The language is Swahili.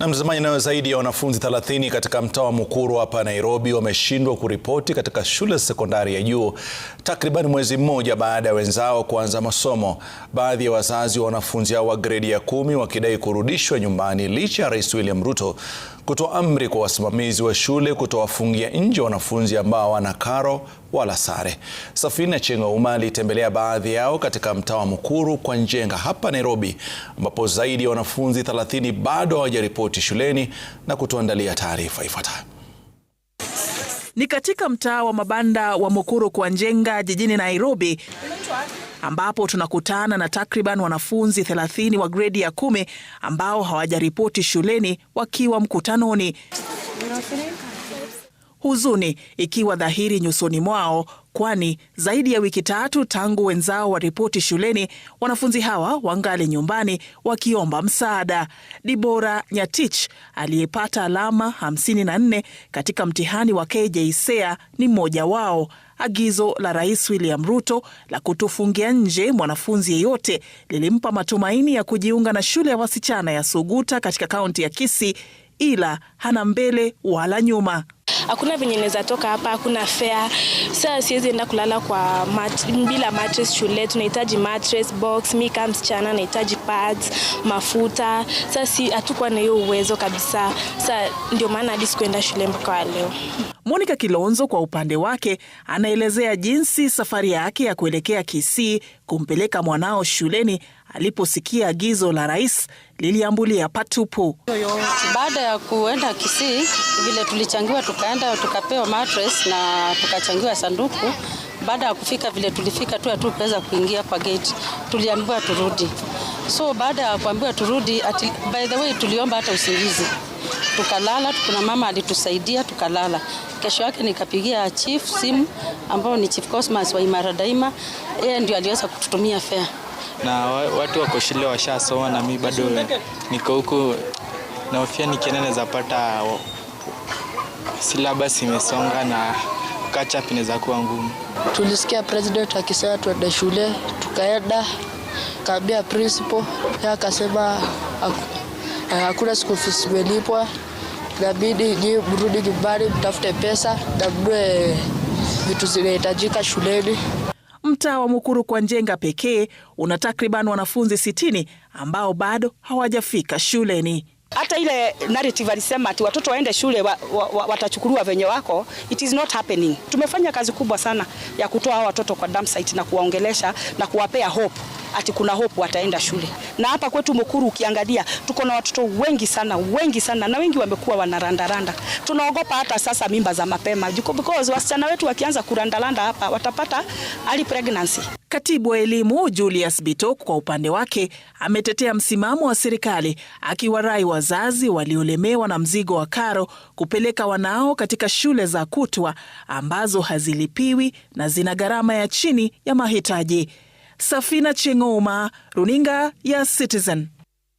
Na mtazamaji, nayo zaidi ya wanafunzi 30 katika mtaa wa Mukuru hapa Nairobi wameshindwa kuripoti katika shule sekondari ya juu takriban mwezi mmoja baada ya wenzao kuanza masomo. Baadhi ya wazazi wa wanafunzi hao wa gredi ya kumi wakidai kurudishwa nyumbani licha ya Rais William Ruto kutoa amri kwa wasimamizi wa shule kutowafungia nje wanafunzi ambao hawana karo wala sare. Safina Uma alitembelea baadhi yao katika mtaa wa Mukuru kwa Njenga hapa Nairobi, ambapo zaidi ya wanafunzi 30 bado hawajaripoti shuleni na kutuandalia taarifa ifuatayo. Ni katika mtaa wa mabanda wa Mukuru kwa Njenga jijini Nairobi ambapo tunakutana na takriban wanafunzi 30 wa gredi ya kumi ambao hawajaripoti shuleni wakiwa mkutanoni huzuni ikiwa dhahiri nyusoni mwao, kwani zaidi ya wiki tatu tangu wenzao waripoti shuleni, wanafunzi hawa wangali nyumbani wakiomba msaada. Dibora Nyatich aliyepata alama 54 katika mtihani wa KJSEA ni mmoja wao. Agizo la Rais William Ruto la kutofungia nje mwanafunzi yeyote lilimpa matumaini ya kujiunga na shule ya wasichana ya Suguta katika kaunti ya Kisii, ila hana mbele wala nyuma hakuna venye naweza toka hapa, hakuna fea Sasa siwezi enda kulala kwa mat, bila mattress shule. Tunahitaji mattress box, Mi kama msichana nahitaji pads, mafuta. Sasa si hatukuwa na hiyo uwezo kabisa. Sasa ndio maana hadi sikuenda shule mpaka leo. Monica Kilonzo kwa upande wake anaelezea jinsi safari yake ya kuelekea Kisii kumpeleka mwanao shuleni aliposikia agizo la rais liliambulia patupu. Baada ya kuenda Kisii, vile tulichangiwa, tukaenda tukapewa mattress na tukachangiwa sanduku. Baada ya kufika vile tulifika tu, hatukuweza kuingia kwa gate, tuliambiwa turudi. So baada ya kuambiwa turudi, ati, by the way tuliomba hata usingizi tukalala. Kuna mama alitusaidia tukalala. Kesho yake nikapigia chief simu, ambao ni Chief Cosmas wa Imara Daima, yeye ndio aliweza kututumia fare na watu wako shule washasoma, na mi bado niko huku, nahofia nikienda nazapata pata silabasi imesonga na catch inaweza kuwa ngumu. Tulisikia president akisema tuende shule, tukaenda kaambia principal, ya akasema eh, hakuna siku fees nabidi ni mrudi nyumbani mtafute pesa na mnunue vitu zinahitajika shuleni. Mtaa wa Mukuru kwa Njenga pekee una takriban wanafunzi sitini ambao bado hawajafika shuleni. Hata ile narrative alisema ati watoto waende shule wa, wa, wa, watachukuliwa venye wako, it is not happening. Tumefanya kazi kubwa sana ya kutoa hao watoto kwa dump site na kuwaongelesha na kuwapea hope ati kuna hope wataenda shule. Na hapa kwetu Mukuru ukiangalia tuko na watoto wengi sana, wengi sana na wengi wamekuwa wanarandaranda. Tunaogopa hata sasa mimba za mapema because wasichana wetu wakianza kurandaranda hapa watapata early pregnancy. Katibu wa elimu Julius Bitok kwa upande wake ametetea msimamo wa serikali akiwarai wazazi waliolemewa na mzigo wa karo kupeleka wanao katika shule za kutwa ambazo hazilipiwi na zina gharama ya chini ya mahitaji. Safina Chengoma, runinga ya Citizen.